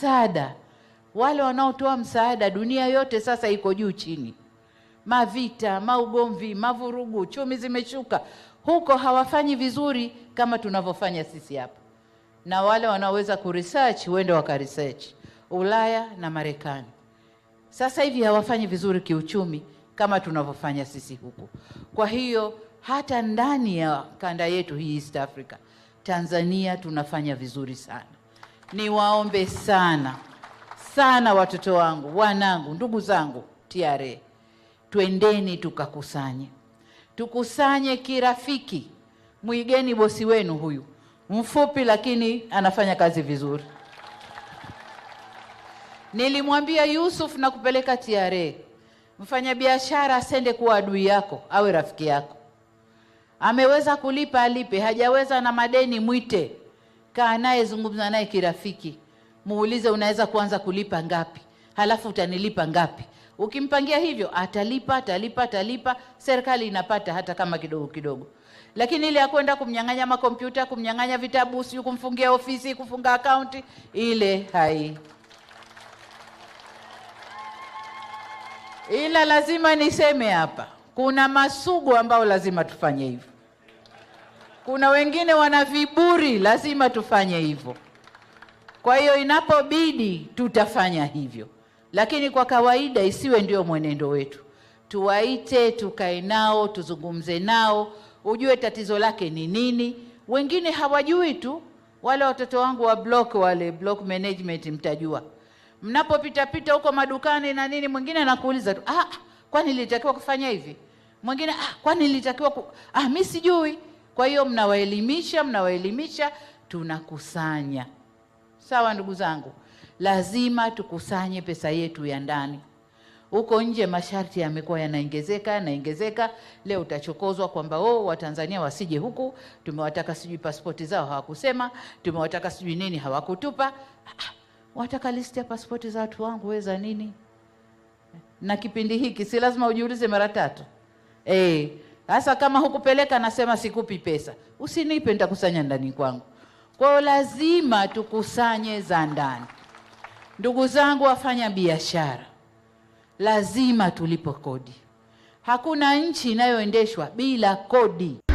msaada, wale wanaotoa msaada dunia yote sasa iko juu chini, mavita, maugomvi, mavurugu, chumi zimeshuka huko, hawafanyi vizuri kama tunavyofanya sisi hapa. Na wale wanaoweza kuresearch huende wakaresearch Ulaya na Marekani, sasa hivi hawafanyi vizuri kiuchumi kama tunavyofanya sisi huku. Kwa hiyo hata ndani ya kanda yetu hii East Africa, Tanzania tunafanya vizuri sana niwaombe sana sana, watoto wangu, wanangu, ndugu zangu TRA, twendeni tukakusanye, tukusanye kirafiki. Mwigeni bosi wenu huyu mfupi, lakini anafanya kazi vizuri. Nilimwambia Yusuf na kupeleka TRA, mfanyabiashara asende kuwa adui yako, awe rafiki yako. Ameweza kulipa alipe, hajaweza na madeni mwite kaa naye, zungumza naye kirafiki, muulize unaweza kuanza kulipa ngapi, halafu utanilipa ngapi. Ukimpangia hivyo atalipa, atalipa, atalipa, serikali inapata hata kama kidogo kidogo. Lakini ile ya kwenda kumnyang'anya makompyuta, kumnyang'anya vitabu, sio kumfungia ofisi, kufunga akaunti, ile hai ila lazima niseme hapa kuna masugu ambao lazima tufanye hivyo. Kuna wengine wana viburi, lazima tufanye hivyo. Kwa hiyo inapobidi tutafanya hivyo, lakini kwa kawaida isiwe ndio mwenendo wetu. Tuwaite, tukae nao, tuzungumze nao, ujue tatizo lake ni nini. Wengine hawajui tu. Wale watoto wangu wa block, wale block management, mtajua mnapopita pita huko madukani na nini, mwingine anakuuliza tu, ah, ah kwani nilitakiwa kufanya hivi? Mwingine ah, kwani nilitakiwa ku... ah, mimi sijui kwa hiyo mnawaelimisha, mnawaelimisha, tunakusanya. Sawa ndugu zangu, lazima tukusanye pesa yetu ya ndani. Huko nje masharti yamekuwa yanaongezeka yanaongezeka. Leo utachokozwa kwamba oh, Watanzania wasije huku, tumewataka sijui pasipoti zao hawakusema, tumewataka sijui nini hawakutupa. Ah, wataka listi ya pasipoti za watu wangu weza nini? Na kipindi hiki si lazima ujiulize mara tatu eh. Sasa kama hukupeleka, nasema sikupi pesa, usinipe, nitakusanya ndani kwangu. Kwa hiyo lazima tukusanye za ndani. Ndugu zangu wafanya biashara, lazima tulipo kodi. Hakuna nchi inayoendeshwa bila kodi.